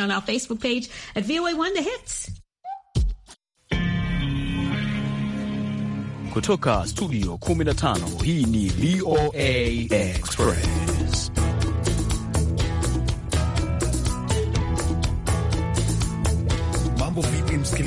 on our Facebook page at VOA1 The Hits. Kutoka studio 15 hii ni VOA Express.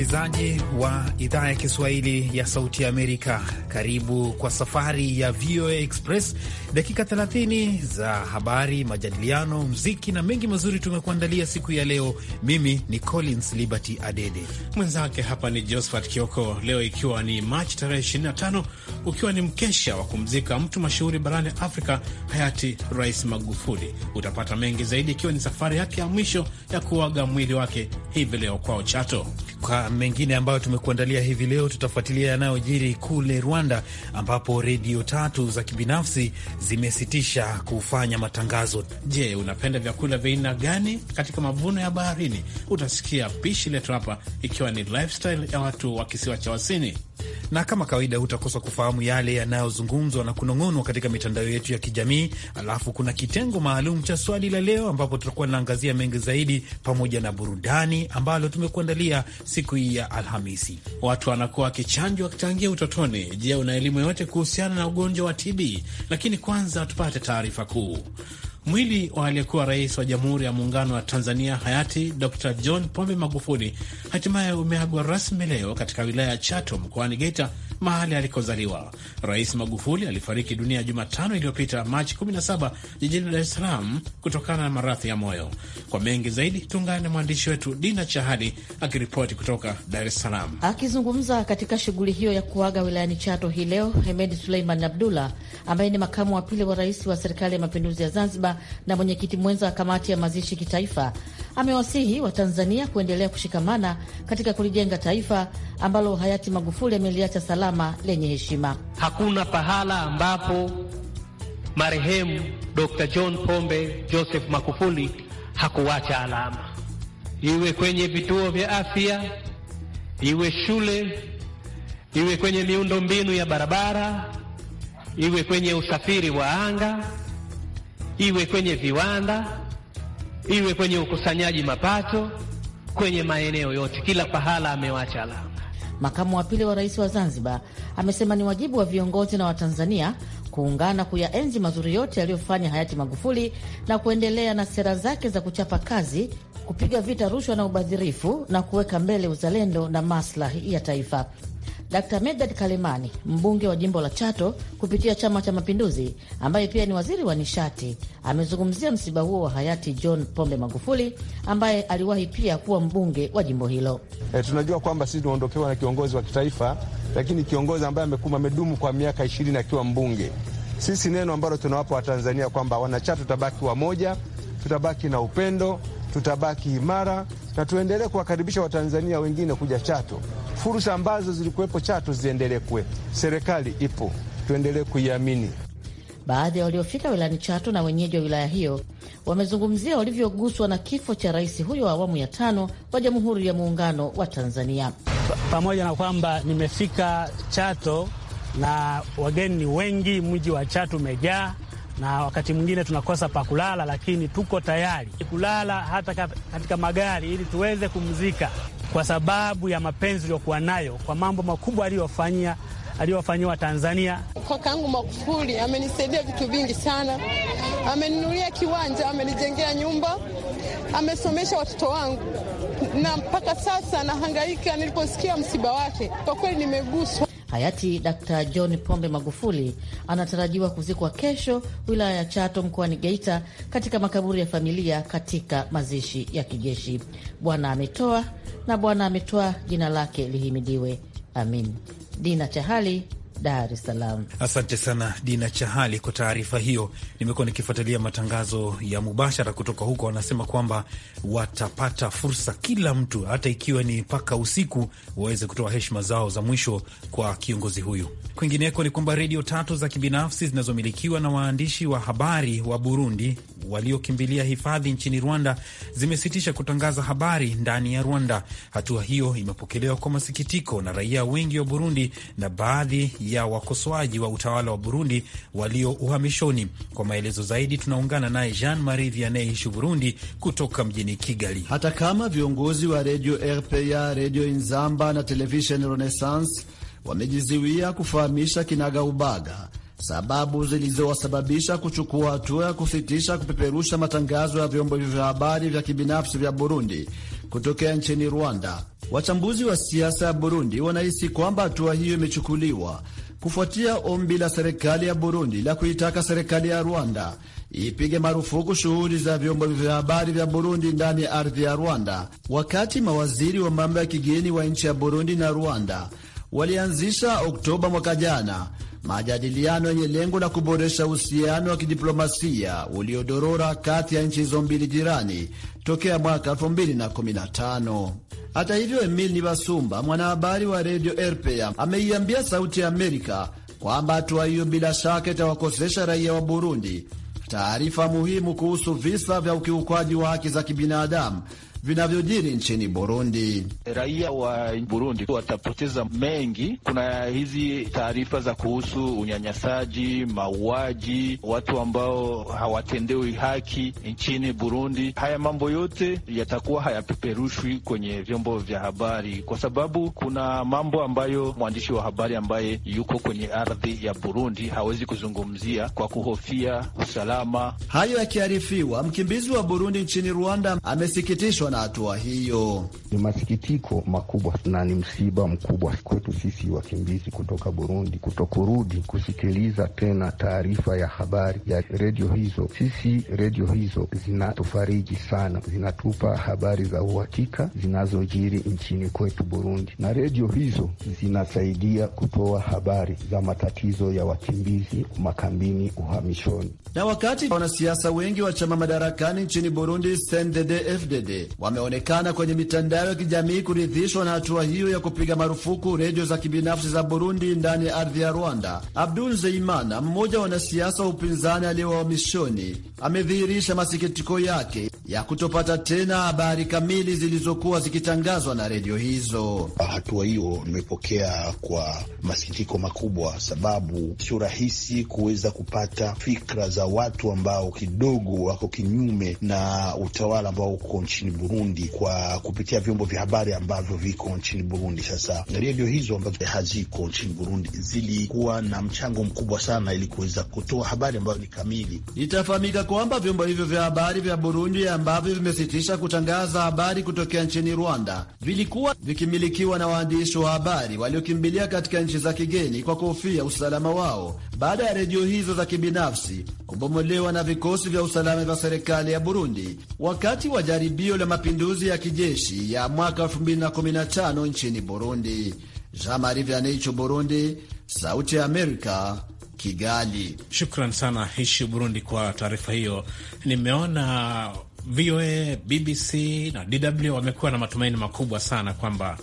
msikilizaji wa idhaa ya Kiswahili ya Sauti Amerika, karibu kwa safari ya VOA Express, dakika 30 za habari, majadiliano, mziki na mengi mazuri tumekuandalia siku ya leo. Mimi ni Collins Liberty Adede, mwenzake hapa ni Josephat Kioko. Leo ikiwa ni Machi tarehe 25, ukiwa ni mkesha wa kumzika mtu mashuhuri barani Afrika, hayati Rais Magufuli. Utapata mengi zaidi, ikiwa ni safari yake ya mwisho ya kuaga mwili wake hivi leo kwao Chato. Kwa mengine ambayo tumekuandalia hivi leo, tutafuatilia yanayojiri kule Rwanda, ambapo redio tatu za kibinafsi zimesitisha kufanya matangazo. Je, unapenda vyakula vya aina gani katika mavuno ya baharini? Utasikia pishi letu hapa, ikiwa ni lifestyle ya watu wa kisiwa cha Wasini na kama kawaida hutakosa kufahamu yale yanayozungumzwa na kunong'onwa katika mitandao yetu ya kijamii. Alafu kuna kitengo maalum cha swali la leo, ambapo tutakuwa naangazia mengi zaidi pamoja na burudani ambalo tumekuandalia siku hii ya Alhamisi. Watu wanakuwa wakichanjwa wakitangia utotoni. Je, una elimu yoyote kuhusiana na ugonjwa wa TB? Lakini kwanza tupate taarifa kuu. Mwili wa aliyekuwa rais wa Jamhuri ya Muungano wa Tanzania hayati Dr John Pombe Magufuli hatimaye umeagwa rasmi leo katika wilaya ya Chato mkoani Geita, mahali alikozaliwa. Rais Magufuli alifariki dunia Jumatano iliyopita Machi 17 jijini Dar es Salaam kutokana na maradhi ya moyo. Kwa mengi zaidi, tuungane na mwandishi wetu Dina Chahali akiripoti kutoka Dar es Salaam. Akizungumza katika shughuli hiyo ya kuaga wilayani Chato hii leo, Hemedi Suleiman Abdullah ambaye ni makamu wa pili wa rais wa Serikali ya Mapinduzi ya Zanzibar na mwenyekiti mwenza wa kamati ya mazishi kitaifa amewasihi Watanzania kuendelea kushikamana katika kulijenga taifa ambalo hayati Magufuli ameliacha salama lenye heshima. Hakuna pahala ambapo marehemu Dr. John Pombe Joseph Magufuli hakuwacha alama, iwe kwenye vituo vya afya, iwe shule, iwe kwenye miundo mbinu ya barabara, iwe kwenye usafiri wa anga iwe kwenye viwanda, iwe kwenye ukusanyaji mapato, kwenye maeneo yote, kila pahala amewacha alama. Makamu wa pili wa rais wa Zanzibar amesema ni wajibu wa viongozi na Watanzania kuungana kuyaenzi mazuri yote yaliyofanya hayati Magufuli na kuendelea na sera zake za kuchapa kazi, kupiga vita rushwa na ubadhirifu na kuweka mbele uzalendo na maslahi ya taifa. Dr Medad Kalemani, mbunge wa jimbo la Chato kupitia Chama cha Mapinduzi, ambaye pia ni waziri wa nishati, amezungumzia msiba huo wa hayati John Pombe Magufuli ambaye aliwahi pia kuwa mbunge wa jimbo hilo. E, tunajua kwamba sisi tunaondokewa na kiongozi wa kitaifa, lakini kiongozi ambaye amedumu kwa miaka ishirini akiwa mbunge. Sisi neno ambalo tunawapa Watanzania kwamba wanachato tutabaki wamoja, tutabaki na upendo tutabaki imara na tuendelee kuwakaribisha Watanzania wengine kuja Chato. Fursa ambazo zilikuwepo Chato ziendelee kuwepo. Serikali ipo, tuendelee kuiamini. Baadhi ya waliofika wilayani Chato na wenyeji wa wilaya hiyo wamezungumzia walivyoguswa na kifo cha rais huyo wa awamu ya tano wa Jamhuri ya Muungano wa Tanzania. Pamoja na kwamba nimefika Chato na wageni ni wengi, mji wa Chato umejaa na wakati mwingine tunakosa pa kulala, lakini tuko tayari kulala hata katika magari ili tuweze kumzika kwa sababu ya mapenzi uliokuwa nayo kwa mambo makubwa aliyofanyia aliyofanyiwa Tanzania. Kaka yangu Magufuli amenisaidia vitu vingi sana, ameninulia kiwanja, amenijengea nyumba, amesomesha watoto wangu, na mpaka sasa nahangaika. Niliposikia msiba wake, kwa kweli nimeguswa. Hayati Dkt John Pombe Magufuli anatarajiwa kuzikwa kesho wilaya ya Chato mkoani Geita katika makaburi ya familia katika mazishi ya kijeshi. Bwana ametoa na Bwana ametoa, jina lake lihimidiwe. Amin. Dina Chahali, Dar es Salaam. Asante sana Dina Chahali kwa taarifa hiyo. Nimekuwa nikifuatilia matangazo ya mubashara kutoka huko, wanasema kwamba watapata fursa kila mtu, hata ikiwa ni mpaka usiku, waweze kutoa heshima zao za mwisho kwa kiongozi huyu. Kwingineko ni kwamba redio tatu za kibinafsi zinazomilikiwa na waandishi wa habari wa Burundi waliokimbilia hifadhi nchini Rwanda zimesitisha kutangaza habari ndani ya Rwanda. Hatua hiyo imepokelewa kwa masikitiko na raia wengi wa Burundi na baadhi ya wakosoaji wa utawala wa Burundi walio uhamishoni. Kwa maelezo zaidi tunaungana naye Jean Marie Vianney anayeishi Burundi kutoka mjini Kigali. Hata kama viongozi wa redio RPA, redio Inzamba na televisheni Renaissance wamejiziwia kufahamisha kinaga ubaga sababu zilizowasababisha kuchukua hatua ya kusitisha kupeperusha matangazo ya vyombo hivyo vya habari vya kibinafsi vya Burundi kutokea nchini Rwanda. Wachambuzi wa siasa ya Burundi wanahisi kwamba hatua hiyo imechukuliwa kufuatia ombi la serikali ya Burundi la kuitaka serikali ya Rwanda ipige marufuku shughuli za vyombo vya habari vya Burundi ndani ya ardhi ya Rwanda, wakati mawaziri wa mambo ya kigeni wa nchi ya Burundi na Rwanda walianzisha Oktoba mwaka jana majadiliano yenye lengo la kuboresha uhusiano wa kidiplomasia uliodorora kati ya nchi hizo mbili jirani tokea mwaka 2015. Hata hivyo, Emil Nibasumba, mwanahabari wa redio RPA, ameiambia Sauti ya Amerika kwamba hatua hiyo bila shaka itawakosesha raia wa Burundi taarifa muhimu kuhusu visa vya ukiukwaji wa haki za kibinadamu vinavyojiri nchini Burundi. Raia wa Burundi watapoteza mengi. Kuna hizi taarifa za kuhusu unyanyasaji, mauaji, watu ambao hawatendewi haki nchini Burundi. Haya mambo yote yatakuwa hayapeperushwi kwenye vyombo vya habari, kwa sababu kuna mambo ambayo mwandishi wa habari ambaye yuko kwenye ardhi ya Burundi hawezi kuzungumzia kwa kuhofia usalama. Hayo yakiarifiwa, mkimbizi wa Burundi nchini Rwanda amesikitishwa na hatua hiyo. Ni masikitiko makubwa na ni msiba mkubwa kwetu sisi wakimbizi kutoka Burundi, kutokurudi kusikiliza tena taarifa ya habari ya redio hizo. Sisi redio hizo zinatufariji sana, zinatupa habari za uhakika zinazojiri nchini kwetu Burundi, na redio hizo zinasaidia kutoa habari za matatizo ya wakimbizi makambini, uhamishoni. Na wakati wanasiasa wengi wa chama madarakani nchini Burundi CNDD-FDD wameonekana kwenye mitandao ya kijamii kuridhishwa na hatua hiyo ya kupiga marufuku redio za kibinafsi za Burundi ndani ya ardhi ya Rwanda. Abdul Zeimana, mmoja wa wanasiasa wa upinzani aliyewamishoni, amedhihirisha masikitiko yake ya kutopata tena habari kamili zilizokuwa zikitangazwa na redio hizo. Hatua hiyo imepokea kwa masikitiko makubwa, sababu sio rahisi kuweza kupata fikra za watu ambao kidogo wako kinyume na utawala ambao uko nchini Burundi. Burundi kwa kupitia vyombo vya habari ambavyo viko nchini Burundi. Sasa redio hizo ambazo haziko nchini Burundi zilikuwa na mchango mkubwa sana ili kuweza kutoa habari ambayo ni kamili. Itafahamika kwamba vyombo hivyo vya habari vya Burundi ambavyo vimesitisha kutangaza habari kutokea nchini Rwanda vilikuwa vikimilikiwa na waandishi wa habari waliokimbilia katika nchi za kigeni kwa kuhofia usalama wao baada ya redio hizo za kibinafsi kubomolewa na vikosi vya usalama vya serikali ya Burundi wakati wa jaribio la mapinduzi ya kijeshi ya mwaka 2015 nchini Burundi. Jamari vya Nicho, Burundi, Sauti ya Amerika, Kigali. Shukran sana Hishi Burundi kwa taarifa hiyo. Nimeona VOA, BBC na DW wamekuwa na matumaini makubwa sana kwamba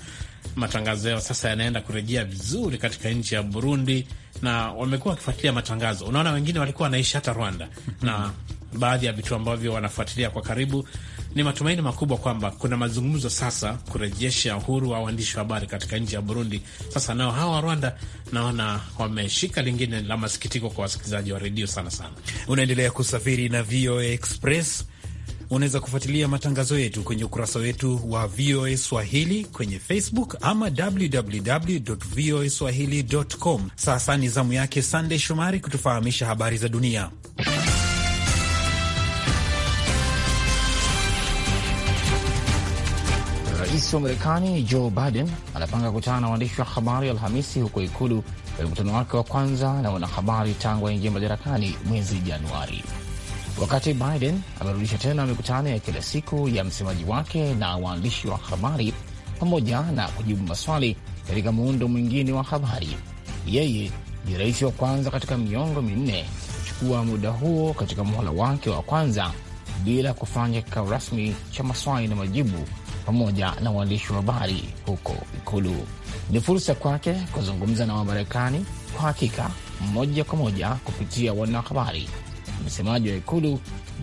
matangazo yao sasa yanaenda kurejea vizuri katika nchi ya Burundi, na wamekuwa wakifuatilia matangazo. Unaona, wengine walikuwa wanaishi hata Rwanda mhm. na baadhi ya vitu ambavyo wanafuatilia kwa karibu. Ni matumaini makubwa kwamba kuna mazungumzo sasa kurejesha uhuru wa waandishi wa habari katika nchi ya Burundi. Sasa nao hawa wa Rwanda naona wameshika lingine la masikitiko kwa wasikilizaji wa redio sana sana. Unaendelea kusafiri na VOA Express Unaweza kufuatilia matangazo yetu kwenye ukurasa wetu wa VOA Swahili kwenye Facebook ama www voa swahili.com. Sasa ni zamu yake Sandey Shomari kutufahamisha habari za dunia. Rais wa Marekani Joe Biden anapanga kukutana na waandishi wa habari Alhamisi huko Ikulu kwenye mkutano wake wa kwanza na wanahabari tangu aingia madarakani mwezi Januari wakati Biden amerudisha tena mikutano ya kila siku ya msemaji wake na waandishi wa habari pamoja na kujibu maswali katika muundo mwingine wa habari. Yeye ni rais wa kwanza katika miongo minne kuchukua muda huo katika muhula wake wa kwanza bila kufanya kikao rasmi cha maswali na majibu pamoja na waandishi wa habari huko Ikulu. Ni fursa kwake kuzungumza na Wamarekani kwa hakika moja kwa moja kupitia wanahabari Msemaji wa ikulu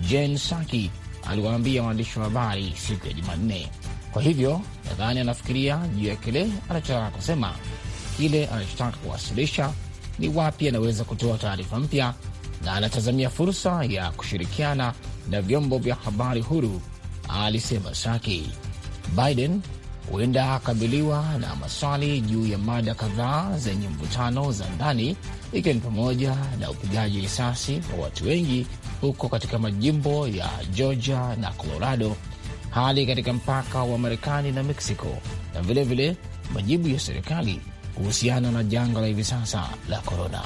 Jen saki aliwaambia waandishi wa habari siku ya Jumanne. Kwa hivyo nadhani anafikiria juu ya kile anachotaka kusema. Kile anachotaka kuwasilisha ni wapi anaweza kutoa taarifa mpya, na anatazamia fursa ya kushirikiana na vyombo vya habari huru, alisema saki Biden huenda akabiliwa na maswali juu ya mada kadhaa zenye mvutano za ndani, ikiwa ni pamoja na upigaji risasi wa watu wengi huko katika majimbo ya Georgia na Colorado, hali katika mpaka wa Marekani na Meksiko, na vilevile vile majibu ya serikali kuhusiana na janga la hivi sasa la korona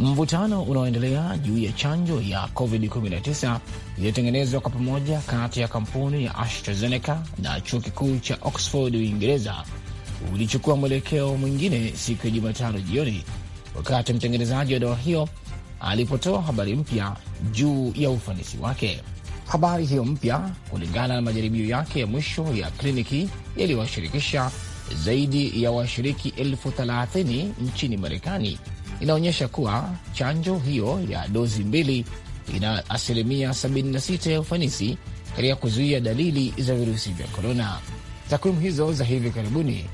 mvutano unaoendelea juu ya chanjo ya COVID-19 iliyotengenezwa kwa pamoja kati ya kampuni ya AstraZeneca na chuo kikuu cha Oxford Uingereza ulichukua mwelekeo mwingine siku ya Jumatano jioni wakati mtengenezaji wa dawa hiyo alipotoa habari mpya juu ya ufanisi wake. Habari hiyo mpya, kulingana na majaribio yake ya mwisho ya kliniki yaliyowashirikisha zaidi ya washiriki elfu thelathini nchini Marekani inaonyesha kuwa chanjo hiyo ya dozi mbili ina asilimia 76 ya ufanisi katika kuzuia dalili za virusi vya korona. Takwimu hizo za hivi karibuni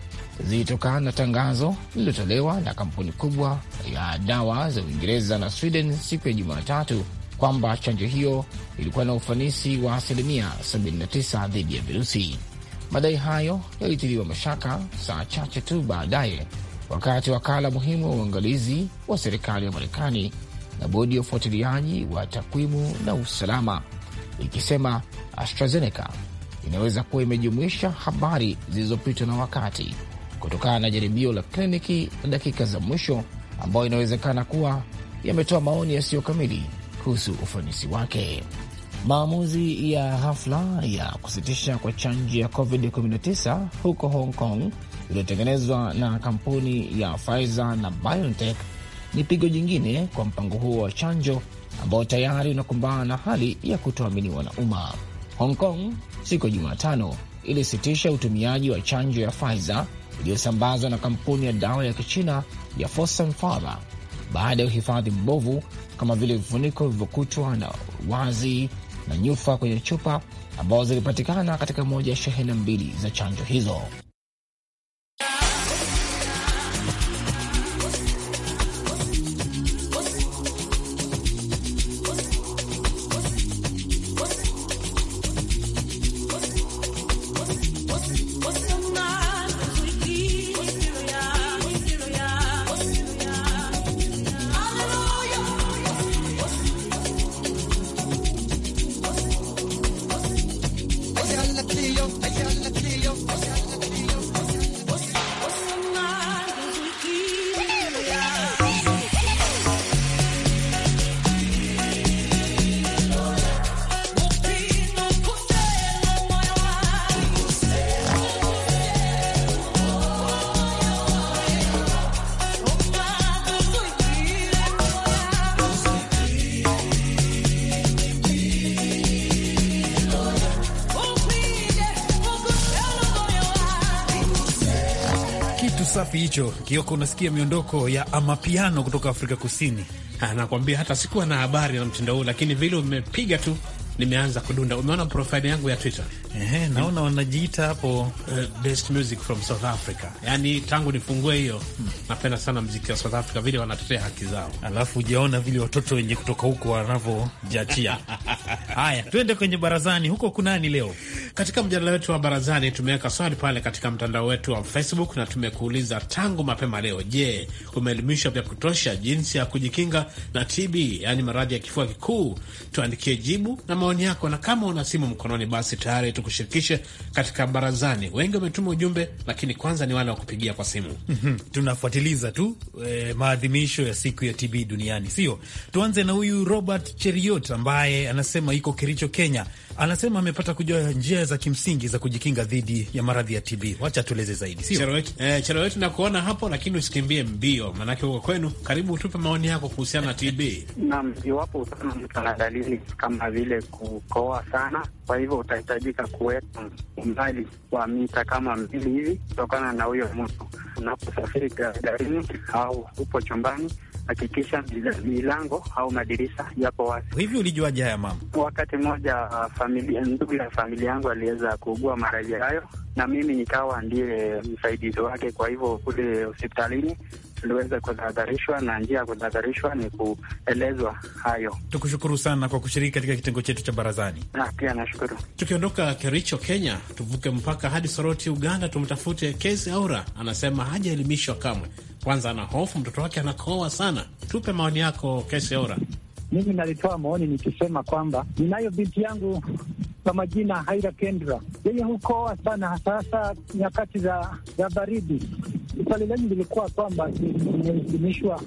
zilitokana na tangazo lililotolewa na kampuni kubwa ya dawa za Uingereza na Sweden siku ya Jumatatu kwamba chanjo hiyo ilikuwa na ufanisi wa asilimia 79 dhidi ya virusi. Madai hayo yalitiliwa mashaka saa chache tu baadaye wakati wakala muhimu wa uangalizi wa serikali ya Marekani na bodi ya ufuatiliaji wa takwimu na usalama ikisema AstraZeneca inaweza kuwa imejumuisha habari zilizopitwa na wakati kutokana na jaribio la kliniki na dakika za mwisho ambayo inawezekana kuwa yametoa maoni yasiyo kamili kuhusu ufanisi wake. Maamuzi ya hafla ya kusitisha kwa chanjo ya COVID-19 huko Hong Kong iliyotengenezwa na kampuni ya Pfizer na BioNTech ni pigo jingine kwa mpango huo wa chanjo ambao tayari unakumbana na hali ya kutoaminiwa na umma. Hong Kong siku ya Jumatano ilisitisha utumiaji wa chanjo ya Pfizer iliyosambazwa na kampuni ya dawa ya Kichina ya Fosun Pharma baada ya uhifadhi mbovu kama vile vifuniko vilivyokutwa na wazi na nyufa kwenye chupa ambazo zilipatikana katika moja ya shehena mbili za chanjo hizo. kifupi hicho. Kioko, unasikia miondoko ya amapiano kutoka Afrika Kusini. Anakuambia ah, hata sikuwa na habari na mtindo huu, lakini vile umepiga tu nimeanza kudunda. Umeona profile yangu ya Twitter? Ehe, naona wanajiita hapo eh, best music from South Africa. Yani tangu nifungue hiyo hmm. Napenda sana mziki wa South Africa vile wanatetea haki zao, alafu ujaona vile watoto wenye kutoka huko wanavyojiachia. Haya, tuende kwenye barazani. Huko kunani leo? Katika mjadala wetu wa barazani tumeweka swali pale katika mtandao wetu wa Facebook na tumekuuliza tangu mapema leo, je, umeelimishwa vya kutosha jinsi ya kujikinga na TB, yani maradhi ya kifua kikuu? Tuandikie jibu na maoni yako, na kama una simu mkononi, basi tayari tukushirikishe katika barazani. Wengi wametuma ujumbe, lakini kwanza ni wale wa kupigia kwa simu. mm -hmm. Tunafuatiliza tu eh, maadhimisho ya siku ya TB duniani, sio? Tuanze na huyu Robert Cheriot ambaye anasema iko Kericho, Kenya anasema amepata kujua njia za kimsingi za kujikinga dhidi ya maradhi ya TB. Wacha tueleze zaidi, sio eh, chero wetu na kuona hapo, lakini usikimbie mbio, maanake uko kwenu. Karibu utupe maoni yako kuhusiana na TB. Naam, iwapo sana mtu ana dalili kama vile kukoa sana kwa hivyo utahitajika kuweka umbali wa mita kama mbili hivi kutokana na huyo mtu Unaposafiri garini au upo chumbani, hakikisha milango au madirisha yapo wazi. Hivi ulijuaje haya mama? Wakati mmoja familia, ndugu ya familia yangu aliweza kuugua maradhi hayo, na mimi nikawa ndiye msaidizi wake. Kwa hivyo kule hospitalini liweze kutahadharishwa na njia ya kutahadharishwa ni kuelezwa hayo. Tukushukuru sana kwa kushiriki katika kitengo chetu cha barazani, na pia nashukuru. Tukiondoka Kericho, Kenya, tuvuke mpaka hadi Soroti, Uganda, tumtafute Kesi Aura. Anasema hajaelimishwa kamwe, kwanza ana hofu mtoto wake anakoa sana. Tupe maoni yako, Kesi Aura. Mimi nalitoa maoni nikisema kwamba ninayo binti yangu kwa majina Haira Kendra, yeye hukoa sana, hasa hasa nyakati za baridi swali lenyu lilikuwa kwamba nimeelimishwa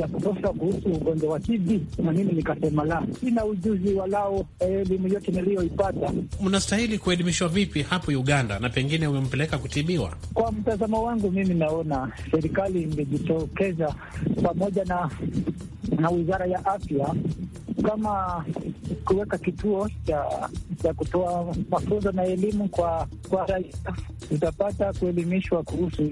ya kutosha kuhusu ugonjwa wa TB na mimi nikasema la, sina ujuzi walao eh, elimu eh, yote niliyoipata. Mnastahili kuelimishwa vipi hapo Uganda na pengine umempeleka kutibiwa? Kwa mtazamo wangu mimi naona serikali ingejitokeza pamoja na na wizara ya afya kama kuweka kituo cha cha kutoa mafunzo na elimu kwa kwa raia, tutapata kuelimishwa kuhusu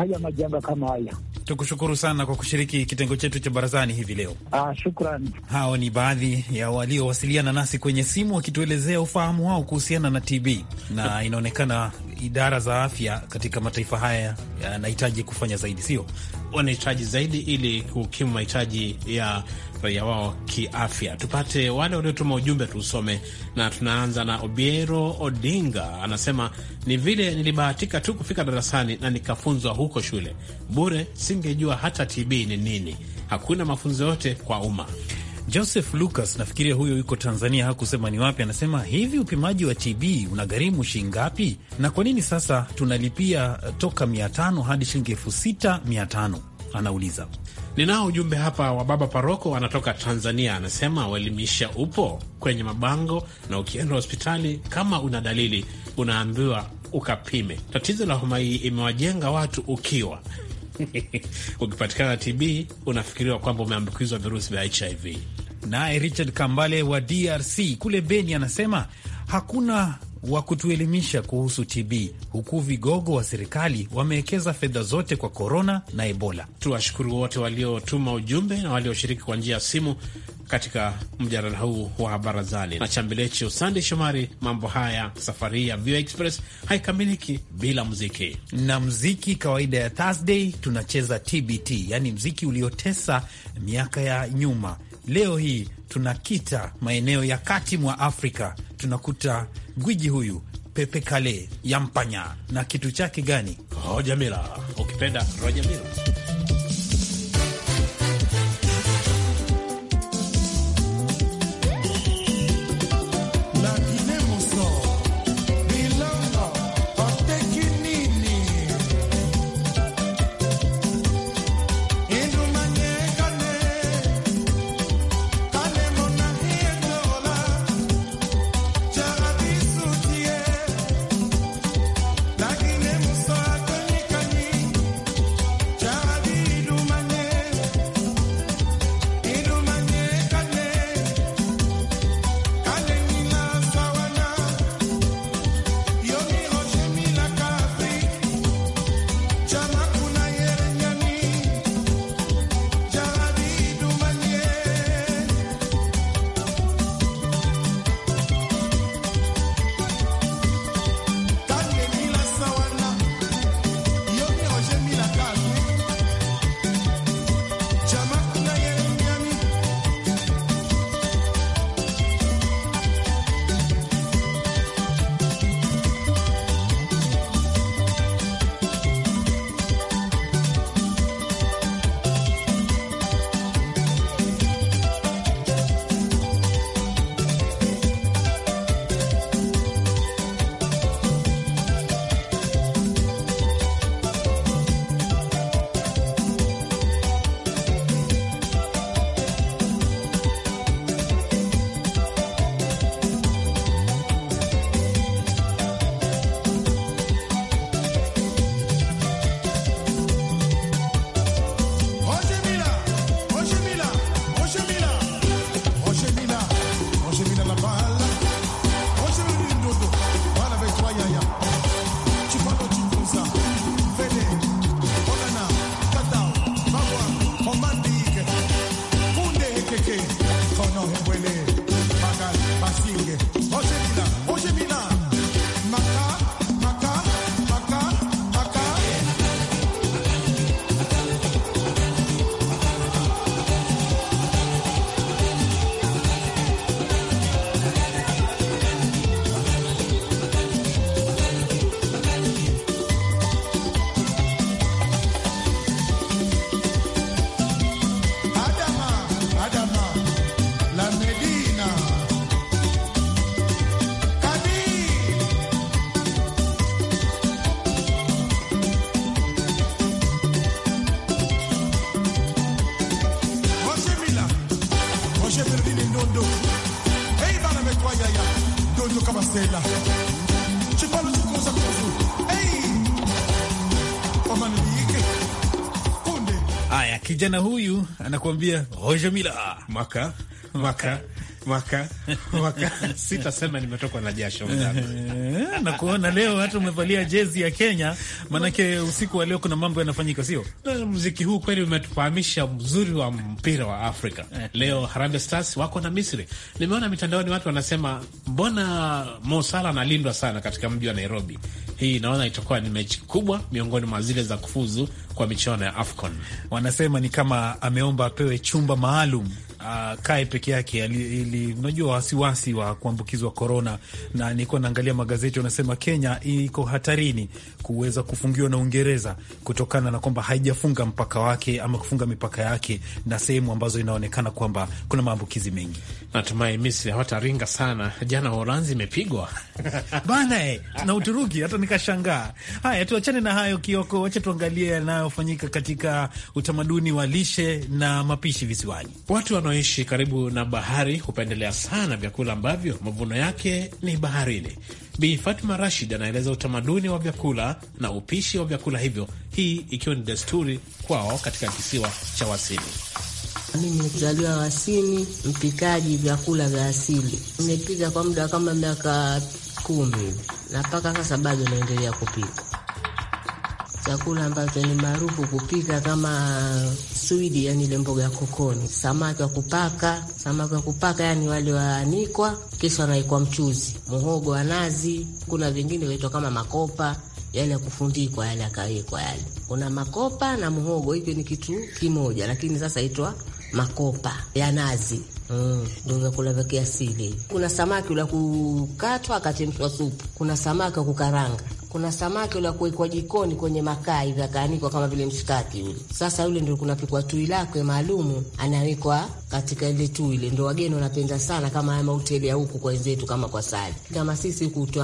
haya majanga kama haya. Tukushukuru sana kwa kushiriki kitengo chetu cha barazani hivi leo. Ah, shukrani. Hao ni baadhi ya waliowasiliana nasi kwenye simu wakituelezea ufahamu wao kuhusiana na TB na inaonekana idara za afya katika mataifa haya yanahitaji kufanya zaidi, sio wanahitaji zaidi ili kukimu mahitaji ya raia wao kiafya. Tupate wale waliotuma ujumbe tuusome, na tunaanza na Obiero Odinga. Anasema ni vile nilibahatika tu kufika darasani na nikafunzwa huko shule bure, singejua hata TB ni nini. Hakuna mafunzo yote kwa umma. Joseph Lucas, nafikiria huyo yuko Tanzania, hakusema ni wapi. Anasema hivi, upimaji wa TB unagharimu shilingi ngapi, na kwa nini sasa tunalipia eh, toka mia tano hadi shilingi elfu sita mia tano Anauliza. Ninao ujumbe hapa wa baba paroko, anatoka Tanzania, anasema uelimisha upo kwenye mabango, na ukienda hospitali kama una dalili unaambiwa ukapime. Tatizo la homa hii imewajenga watu ukiwa ukipatikana TB unafikiriwa kwamba umeambukizwa virusi vya HIV. Naye Richard Kambale wa DRC kule Beni anasema hakuna wa kutuelimisha kuhusu TB huku vigogo wa serikali wamewekeza fedha zote kwa korona na Ebola. Tuwashukuru wote waliotuma ujumbe na walioshiriki kwa njia ya simu katika mjadala huu wa barazani na chambilecho sandey Shomari. Mambo haya safari ya VOA Express haikamiliki bila muziki, na muziki kawaida ya Thursday tunacheza TBT, yaani mziki uliotesa miaka ya nyuma. Leo hii tunakita maeneo ya kati mwa Afrika, tunakuta gwiji huyu Pepe Kale yampanya na kitu chake gani, Rojamila ukipenda Rojamila anakuambia hojamila maka maka mwaka mwaka sitasema nimetokwa na jasho eh, na kuona leo hata umevalia jezi ya Kenya, maanake usiku wa leo kuna mambo yanafanyika, sio? Mziki huu kweli umetufahamisha mzuri wa mpira wa Afrika. Leo Harambee Stars wako na Misri. Nimeona mitandaoni watu wanasema mbona Mo Salah analindwa sana katika mji wa Nairobi. Hii naona itakuwa ni mechi kubwa miongoni mwa zile za kufuzu kwa michuano ya AFCON. Wanasema ni kama ameomba apewe chumba maalum akae ah, uh, peke yake, ili unajua wasiwasi wa kuambukizwa korona. Na nilikuwa naangalia magazeti, wanasema Kenya iko hatarini kuweza kufungiwa na Uingereza kutokana na kwamba haijafunga mpaka wake ama kufunga mipaka yake na sehemu ambazo inaonekana kwamba kuna maambukizi mengi. Natumai Misri hawataringa sana. Jana Holanzi imepigwa bana eh, na Uturuki, hata nikashangaa. Haya, tuachane na hayo Kioko, wacha tuangalie yanayofanyika katika utamaduni wa lishe na mapishi visiwani. Watu wanaoishi karibu na bahari hupendelea sana vyakula ambavyo mavuno yake ni baharini. Bi Rashid anaeleza utamaduni wa vyakula na upishi wa vyakula hivyo, hii ikiwa ni desturi kwao katika kisiwa cha Wasini. Mimi mzaliwa Wasini, mpikaji vyakula vya asili. Nimepika kwa muda kama miaka kumi na mpaka sasa bado naendelea kupika chakula ambacho ni maarufu kupika kama swidi, yani ile mboga ya kokoni, samaki wa kupaka, samaki wa kupaka yani wale waanikwa, kisha wanaikwa mchuzi, muhogo wa nazi. Kuna vingine vinaitwa kama makopa yale ya kufundikwa yale, akawekwa yale. Kuna makopa na muhogo, hivyo ni kitu kimoja, lakini sasa itwa makopa ya nazi ndo mm, vyakula vya kiasili. Kuna samaki ula kukatwa akachemshwa supu, kuna samaki wa kukaranga, kuna samaki ula kuwekwa jikoni kwenye makaa hivi akaanikwa kama vile mshikaki ule. Sasa yule ndo kunapikwa tui lake maalumu, anawekwa katika ile tui ile. Ndo wageni wanapenda sana, kama haya mahoteli ya huku kwa wenzetu, kama kwa sali, kama sisi huku tu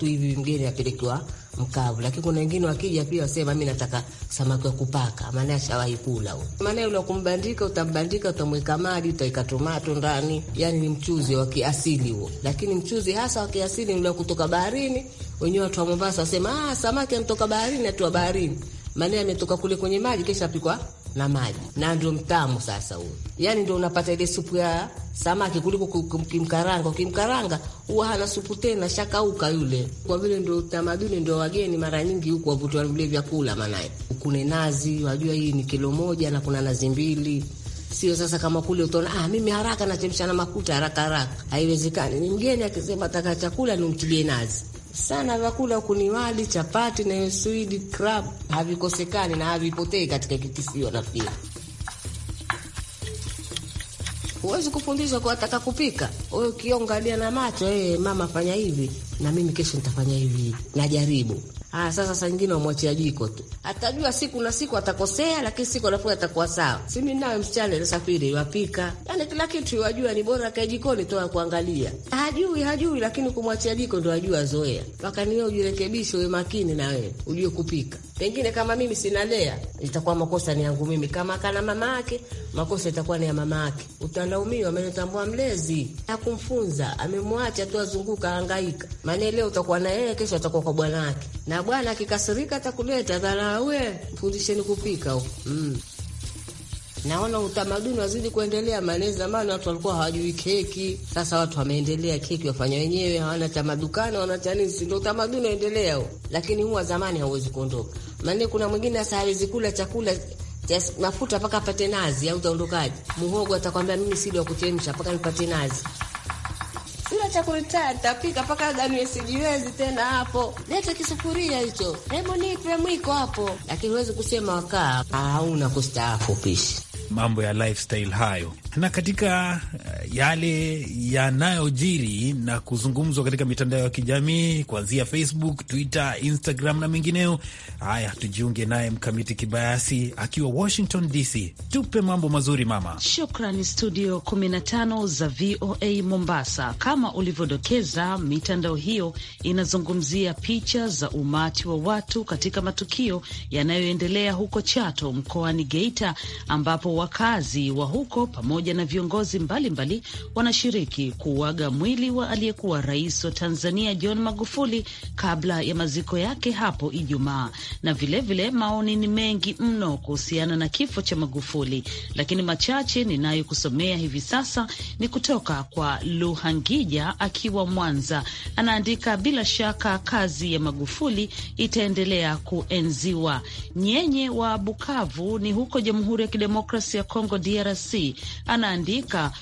hivi, mgeni apelekiwa mkavu, lakini kuna wengine wakija pia wasema mimi nataka samaki wa kupaka, maana ashawahi kula huo. Maana yule kumbandika, utambandika, utamweka maji, utaweka tomato ndani, yani ni mchuzi wa kiasili huo. Lakini mchuzi hasa wa kiasili ndio kutoka baharini. Wenyewe watu wa Mombasa wasema ah, samaki anatoka baharini, atua baharini, maana ametoka kule kwenye maji, kisha apikwa na maji, na ndio mtamu sasa huo. Yani ndio unapata ile supu ya samaki kuliko kimkaranga. Ukimkaranga huwa hana supu tena, shakauka yule. Kwa vile ndio utamaduni, ndio wageni mara nyingi huku wavutiwa vile vyakula, maanaye kuna nazi, wajua hii ni kilo moja na kuna nazi mbili Sio sasa kama kule utaona, ah, mimi haraka nachemsha na makuta haraka haraka, haiwezekani. Ni mgeni akisema taka chakula nimtilie nazi, sana. Vyakula huku ni wali, chapati na swidi crab, havikosekani na havipotei katika kikisio. pia huwezi kufundishwa kuwataka kupika wewe, ukiongalia na macho, hey, eh, mama fanya hivi na mimi kesho nitafanya hivi, najaribu Ah, sasa saa nyingine wamwachia jiko tu, atajua siku na siku atakosea, lakini siku anakuwa atakuwa sawa. Si mimi nawe msichana nasafiri wapika, yaani kila kitu wajua, ni bora kae jikoni toa kuangalia. Hajui hajui, lakini kumwachia jiko ndo ajua, zoea. niwe ujirekebishe, uwe makini na wewe ujue kupika. Pengine kama mimi sinalea, itakuwa makosa ni yangu mimi. Kama kana mama yake, makosa itakuwa ni ya mama yake. Utalaumiwa, amenitambua mlezi, hakumfunza, amemwacha tu azunguka, hangaika. Maana leo utakuwa na yeye, kesho atakuwa kwa bwana yake, na bwana akikasirika atakuleta dhara. We fundisheni kupika huko, mm. Naona utamaduni wazidi kuendelea maanake, zamani watu walikuwa hawajui keki, sasa watu wameendelea, keki wafanya wenyewe, hawana cha madukani, wana cha nini, ndio utamaduni waendelea huo. Lakini huwa zamani hauwezi kuondoka, maanake kuna mwingine sasa hawezi kula chakula Yes, mafuta mpaka apate nazi, au utaondokaje? Muhogo atakwambia mimi sili wa kuchemsha mpaka nipate nazi sina chakula cha tapika mpaka dani sijiwezi tena. Hapo lete kisufuria hicho, hebu nipe mwiko hapo, lakini huwezi kusema wakaa ah, hauna kustaafu pishi mambo ya lifestyle hayo, na katika eh, yale yanayojiri na kuzungumzwa katika mitandao ya kijamii kuanzia Facebook, Twitter, Instagram na mengineo. Haya, tujiunge naye Mkamiti Kibayasi akiwa Washington DC. Tupe mambo mazuri mama. Shukrani studio 15 za VOA Mombasa. Kama ulivyodokeza, mitandao hiyo inazungumzia picha za umati wa watu katika matukio yanayoendelea huko Chato mkoani Geita ambapo Wakazi wa huko pamoja na viongozi mbalimbali mbali wanashiriki kuuaga mwili wa aliyekuwa rais wa Tanzania John Magufuli kabla ya maziko yake hapo Ijumaa, na vilevile vile maoni ni mengi mno kuhusiana na kifo cha Magufuli, lakini machache ninayokusomea hivi sasa ni kutoka kwa Luhangija akiwa Mwanza, anaandika bila shaka kazi ya Magufuli itaendelea kuenziwa. Nyenye wa Bukavu ni huko Jamhuri ya Kidemokrasia ya Congo DRC anaandika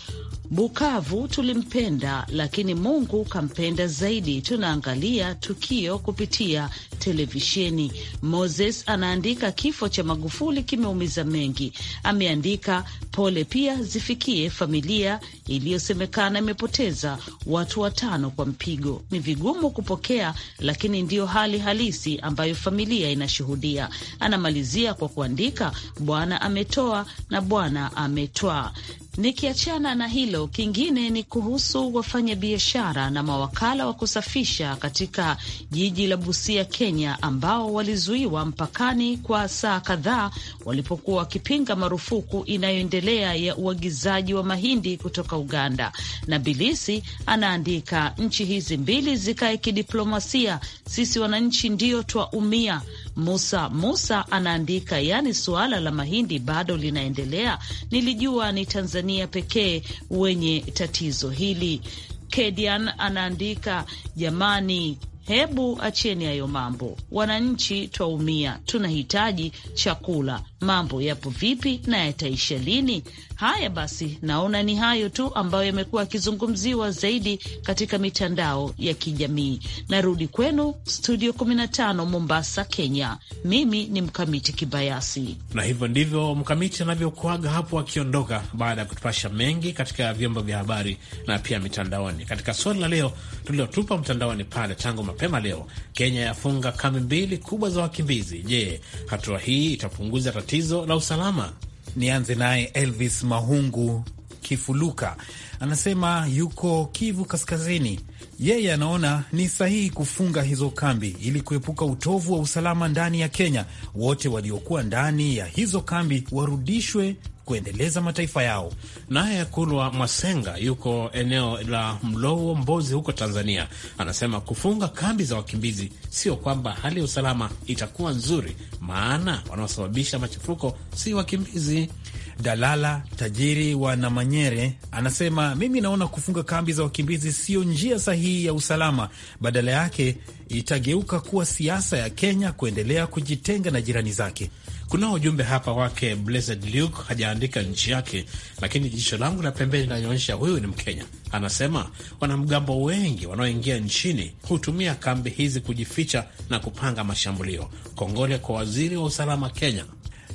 Bukavu tulimpenda, lakini Mungu kampenda zaidi. Tunaangalia tukio kupitia televisheni. Moses anaandika kifo cha Magufuli kimeumiza mengi. Ameandika pole pia zifikie familia iliyosemekana imepoteza watu watano kwa mpigo. Ni vigumu kupokea, lakini ndiyo hali halisi ambayo familia inashuhudia. Anamalizia kwa kuandika Bwana ametoa na Bwana ametwaa. Nikiachana na hilo, kingine ni kuhusu wafanyabiashara na mawakala wa kusafisha katika jiji la Busia, Kenya, ambao walizuiwa mpakani kwa saa kadhaa walipokuwa wakipinga marufuku inayoendelea ya uagizaji wa mahindi kutoka Uganda. Na Bilisi anaandika, nchi hizi mbili zikae kidiplomasia, sisi wananchi ndio twaumia. Musa Musa anaandika, yaani suala la mahindi bado linaendelea. Nilijua ni Tanzania pekee wenye tatizo hili. Kedian anaandika, jamani Hebu achieni hayo mambo, wananchi twaumia, tunahitaji chakula mambo yapo vipi na yataisha lini? Haya basi, naona ni hayo tu ambayo yamekuwa yakizungumziwa zaidi katika mitandao ya kijamii. Narudi kwenu studio 15 Mombasa, Kenya. Mimi ni Mkamiti Kibayasi, na hivyo ndivyo Mkamiti anavyokuaga hapo akiondoka, baada ya kutupasha mengi katika vyombo vya habari na pia mitandaoni. Katika swali la leo tulilotupa mtandaoni pale tangu mapema leo, Kenya yafunga kambi mbili kubwa za wakimbizi. Je, hatua hii itapunguza tatizo la usalama. Nianze naye Elvis Mahungu Kifuluka, anasema yuko Kivu Kaskazini. Yeye anaona ni sahihi kufunga hizo kambi ili kuepuka utovu wa usalama ndani ya Kenya. Wote waliokuwa ndani ya hizo kambi warudishwe kuendeleza mataifa yao. Naye Kulwa Mwasenga yuko eneo la Mlowo, Mbozi huko Tanzania, anasema kufunga kambi za wakimbizi sio kwamba hali ya usalama itakuwa nzuri, maana wanaosababisha machafuko si wakimbizi. Dalala tajiri wa Namanyere anasema mimi naona kufunga kambi za wakimbizi siyo njia sahihi ya usalama, badala yake itageuka kuwa siasa ya Kenya kuendelea kujitenga na jirani zake. Kuna ujumbe hapa wake Blessed Luke, hajaandika nchi yake, lakini jicho langu la pembeni linanyoonyesha huyu ni Mkenya. Anasema wanamgambo wengi wanaoingia nchini hutumia kambi hizi kujificha na kupanga mashambulio. Kongole kwa waziri wa usalama Kenya.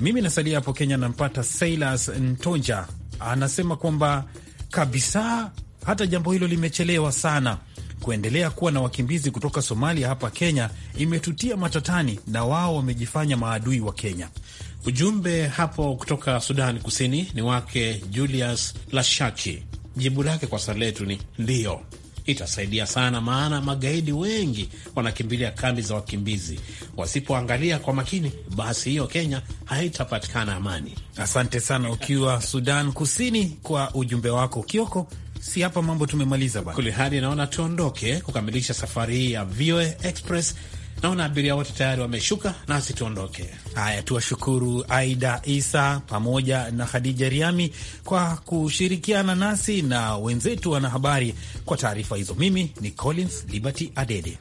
Mimi nasalia hapo Kenya, nampata sailas Ntonja, anasema kwamba kabisa hata jambo hilo limechelewa sana kuendelea kuwa na wakimbizi kutoka Somalia hapa Kenya imetutia matatani na wao wamejifanya maadui wa Kenya. Ujumbe hapo kutoka Sudan Kusini ni wake Julius Lashaki. Jibu lake kwa swali letu ni ndiyo, itasaidia sana, maana magaidi wengi wanakimbilia kambi za wakimbizi. Wasipoangalia kwa makini, basi hiyo Kenya haitapatikana amani. Asante sana ukiwa Sudan Kusini kwa ujumbe wako Kioko si hapa mambo tumemaliza bwana. Kule hadi naona tuondoke kukamilisha safari hii ya VOA Express. Naona abiria wote tayari wameshuka, nasi tuondoke. Haya, tuwashukuru Aida Isa pamoja na Khadija Riami kwa kushirikiana nasi na wenzetu wanahabari kwa taarifa hizo. Mimi ni Collins Liberty Adede.